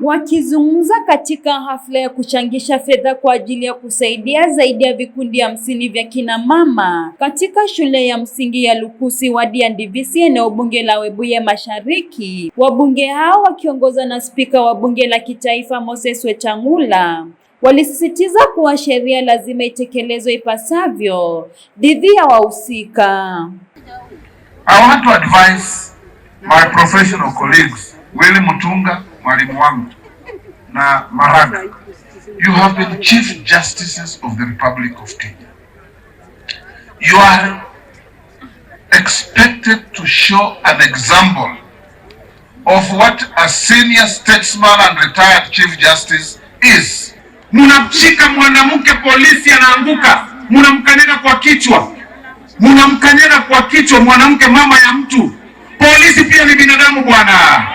Wakizungumza katika hafla ya kuchangisha fedha kwa ajili ya kusaidia zaidi ya vikundi hamsini vya kina mama katika shule ya msingi ya Lukusi wadi ya Ndivisi eneo bunge la Webuye Mashariki, wabunge hao wakiongozwa na spika wa bunge la kitaifa Moses Wetangula walisisitiza kuwa sheria lazima itekelezwe ipasavyo dhidi ya wahusika. I want to advise my professional colleagues, Willy Mutunga, mwalimu wangu na Maraga, you have been chief justices of the Republic of Kenya. You are expected to show an example of what a senior statesman and retired chief justice is. Munamshika mwanamke polisi anaanguka, munamkanyaga kwa kichwa, munamkanyaga kwa kichwa mwanamke, mama ya mtu Polisi pia ni binadamu bwana,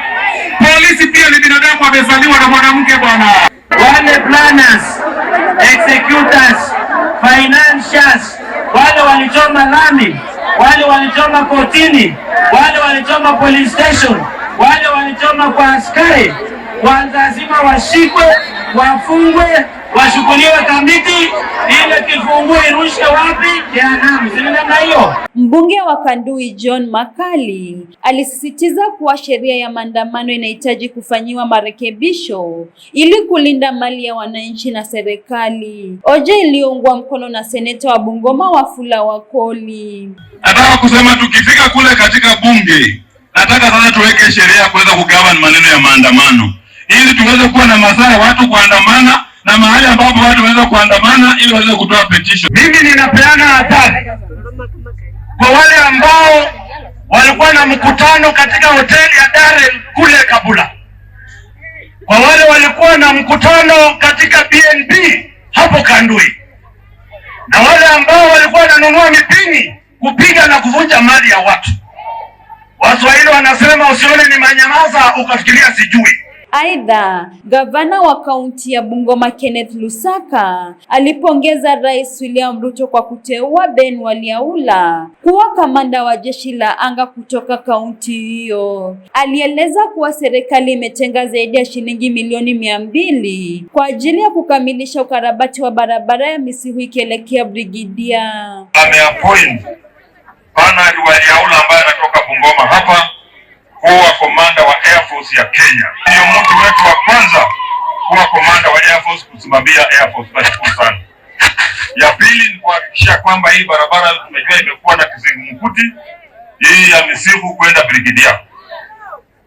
polisi pia ni binadamu, amezaliwa na mwanamke bwana. Wale planners, executors, financiers, wale walichoma lami, wale walichoma kotini, wale walichoma police station, wale walichoma kwa askari, lazima washikwe, wafungwe washukuliwe ile irushe wapi jehanamu, si namna hiyo? Mbunge wa Kandui John Makali alisisitiza kuwa sheria ya maandamano inahitaji kufanyiwa marekebisho ili kulinda mali ya wananchi na serikali, hoja iliyoungwa mkono na seneta wa Bungoma Wafula Wakoli. Nataka kusema tukifika kule katika bunge, nataka sasa tuweke sheria ya kuweza kugawan maneno ya maandamano ili tuweze kuwa na masaa ya watu kuandamana kuomba watu waweze kuandamana ili waweze kutoa petition. Mimi ninapeana hadhari kwa wale ambao walikuwa na mkutano katika hoteli ya Darren kule Kabula, kwa wale walikuwa na mkutano katika BNB hapo Kandui, na wale ambao walikuwa wananunua mipini kupiga na kuvunja mali ya watu. Waswahili wanasema usione ni manyamaza ukafikiria sijui. Aidha, gavana wa kaunti ya Bungoma Kenneth Lusaka alipongeza Rais William Ruto kwa kuteua Ben Waliaula kuwa kamanda wa jeshi la anga kutoka kaunti hiyo. Alieleza kuwa serikali imetenga zaidi ya shilingi milioni mia mbili kwa ajili ya kukamilisha ukarabati wa barabara ya Misihu ikielekea Brigidia. Ameapoint Bwana Waliaula ambaye anatoka Bungoma hapa Force ya Kenya. Ndio mtu wetu wa kwanza kuwa komanda wa Air Force kusimamia Air Force. Nashukuru sana. Ya pili ni kuhakikisha kwamba hii barabara tumejua imekuwa na kizungumkuti hii ya Misifu kwenda brigidia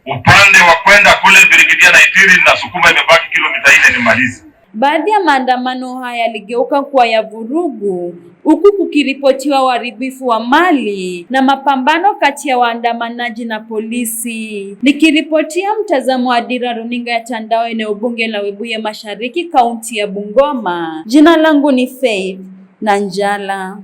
upande wa kwenda kule brigidia na Itiri na Sukuma, imebaki kilomita nne nimalize. Baadhi ya maandamano haya yaligeuka kuwa ya vurugu huku kukiripotiwa uharibifu wa mali na mapambano kati ya waandamanaji na polisi. Nikiripotia mtazamo wa Dira runinga ya Tandao, eneo bunge la Webuye Mashariki, kaunti ya Bungoma, jina langu ni Faith njala